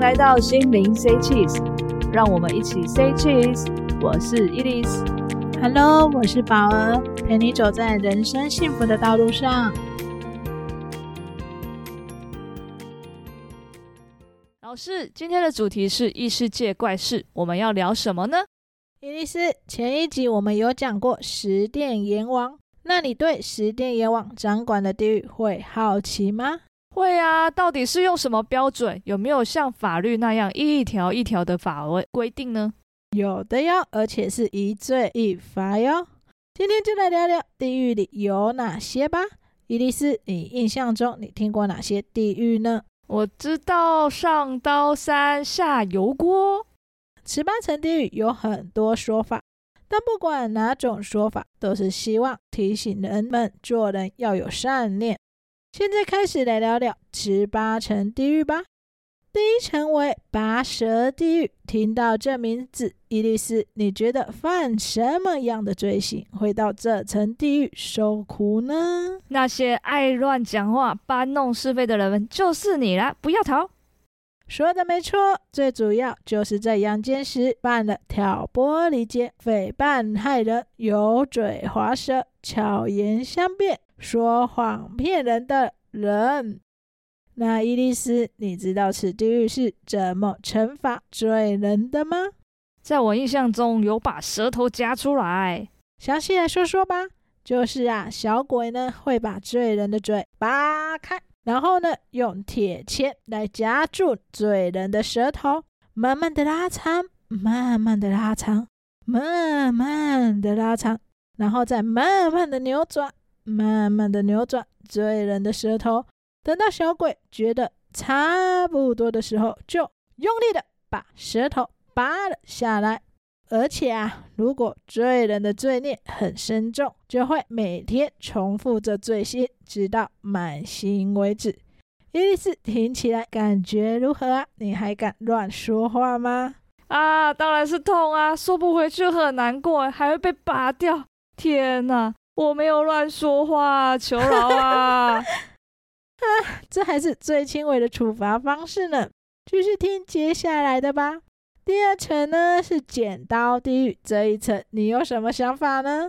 來到心靈，say cheese，讓我們一起 say cheese。我是伊莉絲，Hello，我是寶兒，陪你走在人生幸福的道路上。老師，今天的主題是異世界怪事，我們要聊什麼呢？伊莉絲，前一集我們有講過十殿閻王，那你對十殿閻王掌管的地獄會好奇嗎？會啊，到底是用什麼標準？有沒有像法律那樣一條一條的法規規定呢？有的呀，而且是一罪一罰喲。今天就來聊聊地獄裡有哪些吧，伊莉絲，你印象中你聽過哪些地獄呢？我知道上刀山下油鍋，十八層地獄有很多說法，但不管哪種說法，都是希望提醒人們做人要有善念。現在開始來聊聊十八層地獄吧。第一層為拔舌地獄。聽到這名字，伊莉絲，你覺得犯什麼樣的罪行會到這層地獄受苦呢？那些愛亂講話、搬弄是非的人們，就是你啦！不要逃。說的沒錯，最主要就是在陽間時犯了挑撥離間、誹謗害人、油嘴滑舌、巧言相辯。說謊騙人的人，那伊莉絲，你知道此地獄是怎麼懲罰罪人的嗎？在我印象中，有把舌頭夾出來。詳細來說說吧，就是啊，小鬼呢會把罪人的嘴扒開，然後呢用鐵鉗來夾住罪人的舌頭，慢慢的拉長，慢慢的拉長，慢慢的拉長，然後再慢慢的扭轉。慢慢的扭轉罪人的舌頭，等到小鬼覺得差不多的時候，就用力的把舌頭拔了下來。而且啊，如果罪人的罪孽很深重，就會每天重複着罪行，直到滿刑為止。伊莉絲，聽起來感覺如何？啊？你還敢亂說話嗎？啊，當然是痛啊，縮不回去很難過，還會被拔掉。天哪、啊！我沒有亂說話，求饒啊！ 啊，這還是最輕微的處罰方式呢。繼續聽接下來的吧。第二層呢，是剪刀地獄，這一層，你有什麼想法呢？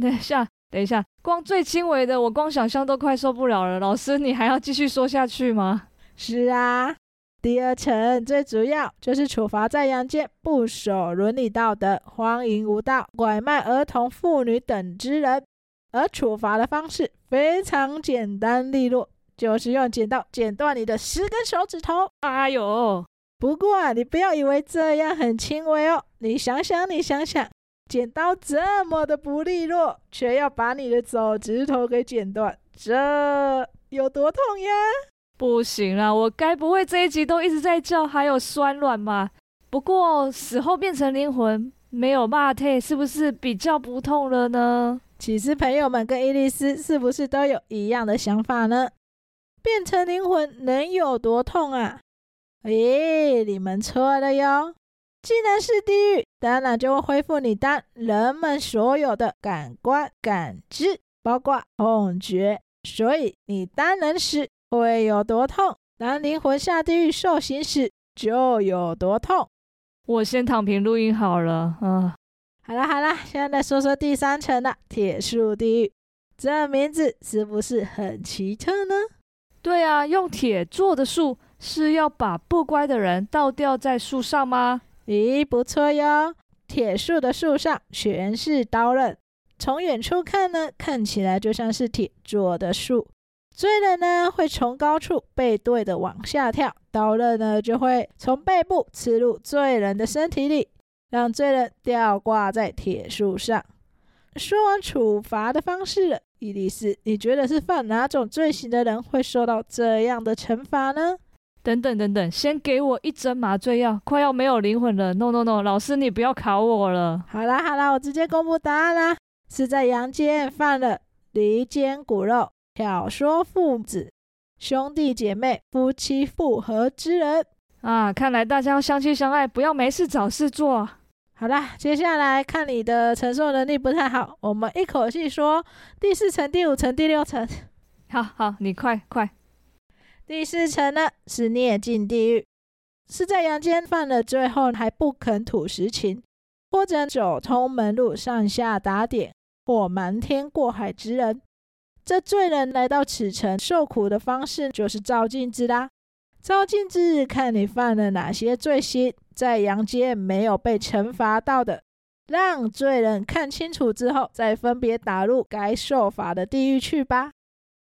等一下，等一下，光最輕微的，我光想象都快受不了了。老師，你還要繼續說下去嗎？是啊，第二層最主要就是處罰在陽間不守倫理道德、荒淫無道、拐賣兒童婦女等之人。而處罰的方式非常簡單利落，就是用剪刀剪斷你的十根手指頭。哎呦！不過啊，你不要以為這樣很輕微哦。你想想，你想想，剪刀這麼的不利落，卻要把你的手指頭給剪斷，這有多痛呀？不行啊，我該不會這一集都一直在叫，還有酸軟嘛？不過死後變成靈魂，沒有肉體，是不是比較不痛了呢？其實，朋友們跟伊莉絲是不是都有一樣的想法呢？變成靈魂能有多痛啊？咦、哎，你們錯了喲！既然是地獄，當然就會恢復你當人們所有的感官感知，包括痛覺。所以，你當人時會有多痛，當靈魂下地獄受刑時就有多痛。我先躺平錄音好了，啊。好啦好啦，現在來說說第三層的、啊、鐵樹地獄。這名字是不是很奇特呢？對啊，用鐵做的樹是要把不乖的人倒吊在樹上嗎？咦，不錯喲，鐵樹的樹上全是刀刃，從遠處看呢，看起來就像是鐵做的樹。罪人呢會從高處背對的往下跳，刀刃呢就會從背部刺入罪人的身體裡。讓罪人吊掛在鐵樹上。說完處罰的方式了，伊莉絲，你覺得是犯哪種罪行的人會受到這樣的懲罰呢？等等等等，先給我一針麻醉藥，快要沒有靈魂了。No no no，老師你不要考我了。好啦好啦，我直接公布答案啦，是在陽間犯了離間骨肉、挑唆父子、兄弟姐妹、夫妻復合之人啊！看來大家相親相愛，不要沒事找事做。好了，接下來看你的承受能力不太好，我們一口氣說第四層、第五層、第六層。好好，你快快。第四層呢是孽鏡地獄，是在陽間犯了罪後還不肯吐實情，或者走通門路上下打點，或瞞天過海之人。這罪人來到此層受苦的方式就是照鏡子啦。照鏡子，看你犯了哪些罪行，在陽間沒有被懲罰到的，讓罪人看清楚之後，再分別打入該受罰的地獄去吧。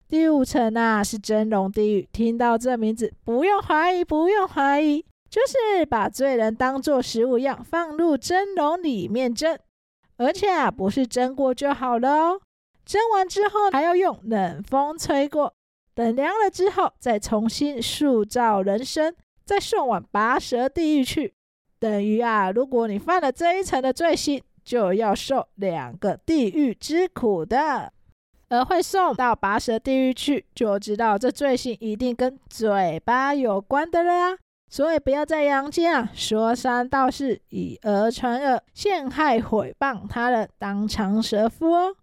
第五層啊，是蒸籠地獄。聽到這名字，不用懷疑，不用懷疑，就是把罪人當作食物樣放入蒸籠裡面蒸，而且啊，不是蒸過就好了哦，蒸完之後還要用冷風吹過。等涼了之後，再重新塑造人身，再送往拔舌地獄去。等於啊，如果你犯了這一層的罪行，就要受兩個地獄之苦的。而會送到拔舌地獄去，就知道這罪行一定跟嘴巴有關的啦，啊。所以不要在陽間啊說三道四，以訛傳訛，陷害毀謗他人，當長舌婦哦。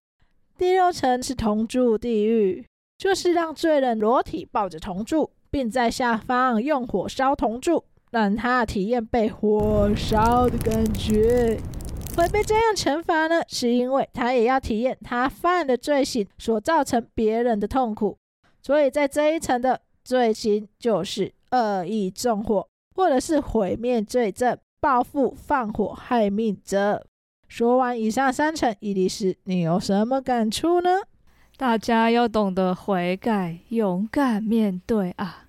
第六層是銅柱地獄。就是讓罪人裸體抱着銅柱，並在下方用火燒銅柱，讓他體驗被火燒的感覺。會被這樣懲罰呢？是因為他也要體驗他犯的罪行所造成別人的痛苦。所以在這一層的罪行就是惡意縱火，或者是毀滅罪證、報復、放火害命者。說完以上三層，伊莉絲，你有什麼感觸呢？大家要懂得悔改，勇敢面對啊！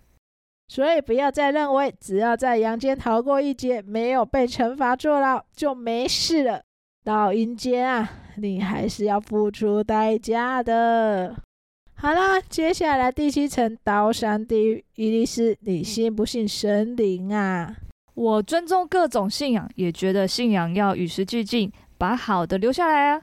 所以不要再認為，只要在陽間逃過一劫，沒有被懲罰坐牢就沒事了。到陰間啊，你還是要付出代價的。好啦，接下來第七層刀山地獄，伊莉絲，你信不信神靈啊？我尊重各種信仰，也覺得信仰要與時俱進，把好的留下來啊。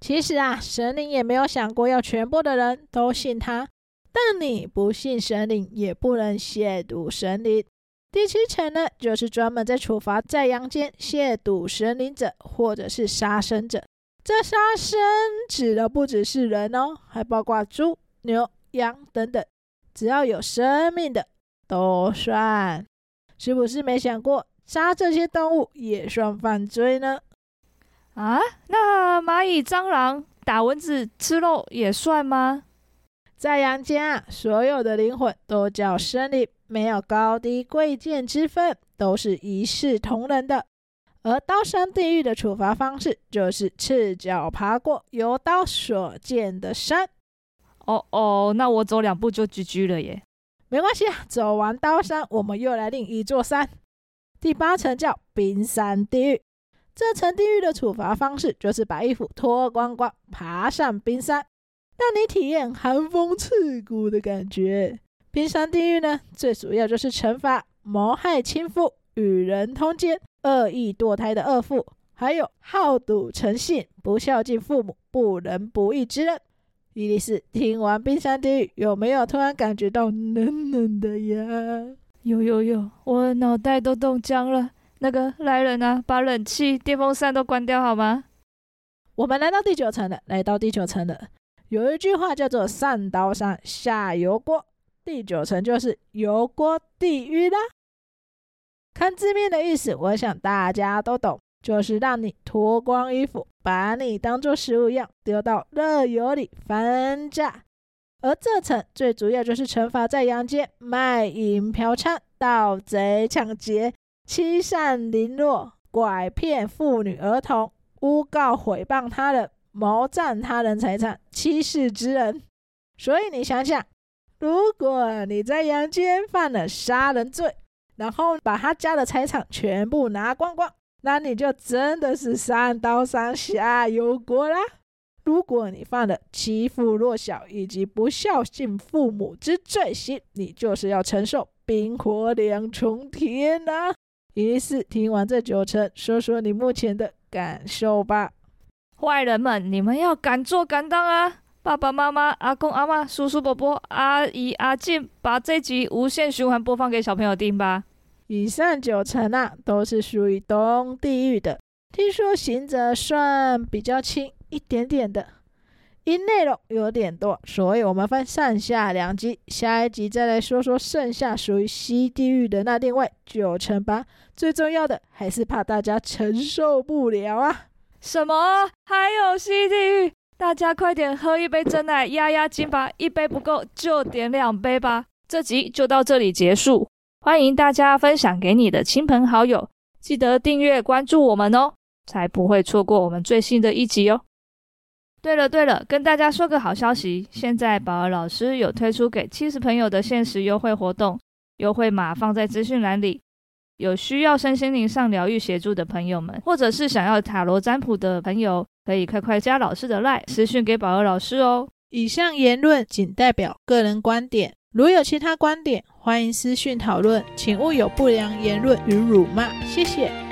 其實啊，神靈也沒有想過要全部的人都信他。但你不信神靈，也不能褻瀆神靈。第七層呢，就是專門在處罰在陽間褻瀆神靈者，或者是殺生者。這殺生指的不只是人哦，還包括豬、牛、羊等等，只要有生命的都算。是不是沒想過殺這些動物也算犯罪呢？啊，那螞蟻、蟑螂打蚊子吃肉也算嗎？在陽間啊，所有的靈魂都叫生靈，沒有高低貴賤之分，都是一視同仁的。而刀山地獄的處罰方式就是赤腳爬過由刀所建的山。哦哦，那我走兩步就 GG 了耶。沒關係啊，走完刀山，我們又來另一座山。第八層叫冰山地獄。這層地獄的處罰方式就是把衣服脫光光，爬上冰山，讓你體驗寒風刺骨的感覺。冰山地獄呢，最主要就是懲罰謀害親夫、與人通奸、惡意墮胎的惡婦，還有好賭成性、不孝敬父母、不仁不義之人。伊莉絲，聽完冰山地獄有沒有突然感覺到冷冷的呀？有有有，我腦袋都凍僵了。那個來人啊，把冷氣、電風扇都關掉好嗎？我們來到第九層了，來到第九層了。有一句話叫做“上刀山，下油鍋”，第九層就是油鍋地獄啦。看字面的意思，我想大家都懂，就是讓你脫光衣服，把你當做食物一樣丟到熱油裡翻炸。而這層最主要就是懲罰在陽間賣淫、嫖娼、盜賊、搶劫。欺善凌弱、拐騙婦女兒童、誣告毀謗他人、謀占他人財產、欺世之人。所以你想想，如果你在陽間犯了殺人罪，然後把他家的財產全部拿光光，那你就真的是上刀山下油鍋啦。如果你犯了欺負弱小以及不孝敬父母之罪行，你就是要承受冰火兩重天啊。於是聽完這九層，說說你目前的感受吧。壞人們，你們要敢做敢當啊！爸爸媽媽、阿公阿嬤、叔叔伯伯、阿姨阿靜，把這集無限循環播放給小朋友聽吧。以上九層啊，都是屬於東地獄的。聽說行者算比較輕一點點的。因內容有點多，所以我們分上下兩集。下一集再來說說剩下屬於西地獄的那另外九成八。最重要的還是怕大家承受不了啊！什麼？還有西地獄？大家快點喝一杯珍奶壓壓驚吧！一杯不夠就點兩杯吧！這集就到這裡結束。歡迎大家分享給你的親朋好友，記得訂閱關注我們哦，才不會錯過我們最新的一集哦。對了對了，跟大家說個好消息，現在寶兒老師有推出給七十朋友的限時優惠活動，優惠碼放在資訊欄裡。有需要身心靈上療癒協助的朋友們，或者是想要塔羅占卜的朋友，可以快快加老師的 line 私訊給寶兒老師哦。以上言論僅代表個人觀點，如有其他觀點，歡迎私訊討論，請勿有不良言論與辱罵，謝謝。